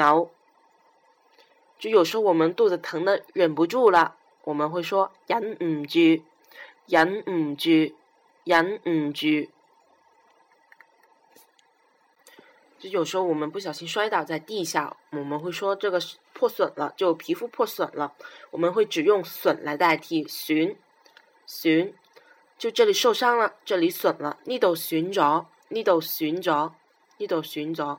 熬，就有時候我們肚子疼得忍不住了，我們會說忍唔住，忍唔住，忍唔住。就有時候我們不小心摔倒在地下，我們會說這個破損了，就皮膚破損了，我們會只用損來代替損，損，就這裏受傷了，這裏損了，呢度損咗，呢度損咗，呢度損咗。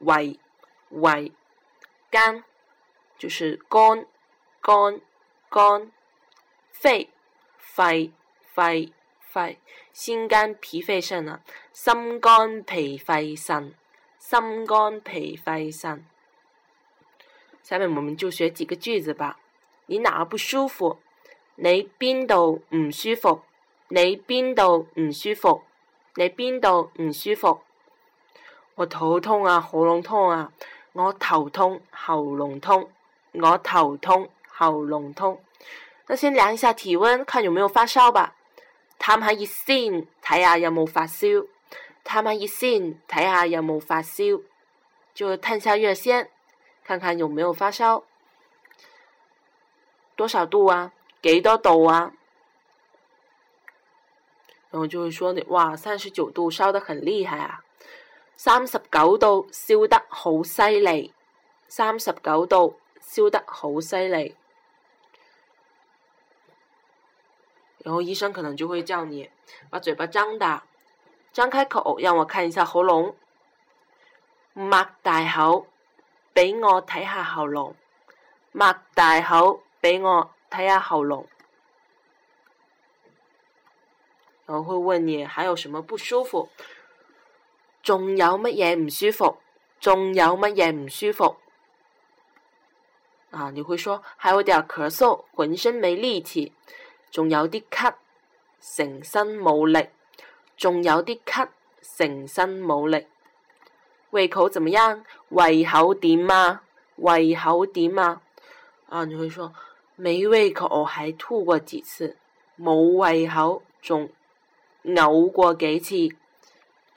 胃、胃、肝，就是肝、肝、肝、肺、肺、肺、肺，心肝、脾肺腎啊。心肝脾肺腎，心肝脾肺腎。下面我們就學幾個句子吧。你哪兒不舒服？你邊度唔舒服？你邊度唔舒服？你邊度唔舒服？我頭痛啊，喉嚨痛啊，我頭痛，喉嚨痛，我頭痛，喉嚨痛。那先量一下體溫，看有沒有發燒吧。探下熱先，睇下有冇發燒。探下熱先，睇下有冇發燒。就探下熱先，看看有沒有發燒。多少度啊？幾多度啊？然後就會說你哇，三十九度，燒得很厲害啊。三十九度，燒得好犀利！三十九度，燒得好犀利。然後醫生可能就會叫你把嘴巴張大，張開口讓我看一下喉嚨，擘大口，畀我睇下喉嚨，擘大口，畀我睇下喉嚨，擘大口，畀我睇下喉嚨。然後會問你還有什麼不舒服？仲有乜嘢唔舒服？仲有乜嘢唔舒服？啊，你會說，還有點咳嗽，渾身沒力氣，仲有啲咳，成身冇力，仲有啲咳，成身冇力。胃口怎麼樣？胃口點啊？胃口點啊？啊，你會說沒，沒胃口，還吐過幾次，冇胃口，仲嘔過幾次。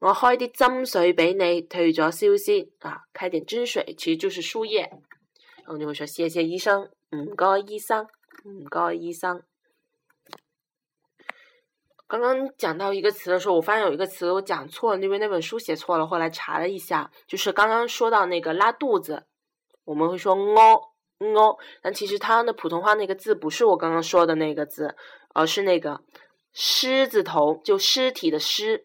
我開啲針水俾你，退咗燒先啊！開點針水，其實就是輸液。然後你會說，謝謝醫生，唔該醫生，唔該醫生。剛剛講到一個詞的時候，我發現有一個詞我講錯了，了那邊那本書寫錯了。後來查了一下，就是剛剛說到那個拉肚子，我們會說屙屙，但其實他的普通話那個字不是我剛剛說的那個字，而是那個獅子頭，就屍體的屍。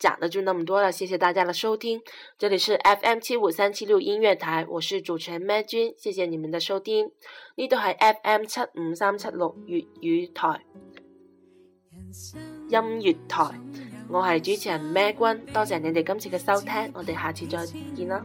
講的就那麼多了，謝謝大家的收聽。這裡是 FM 七五三七六音樂台，我是主持人咩君，謝謝你們的收聽。呢度係 FM 七五三七六粵語台音樂台，我係主持人咩君，多謝你哋今次嘅收聽，我哋下次再見啦。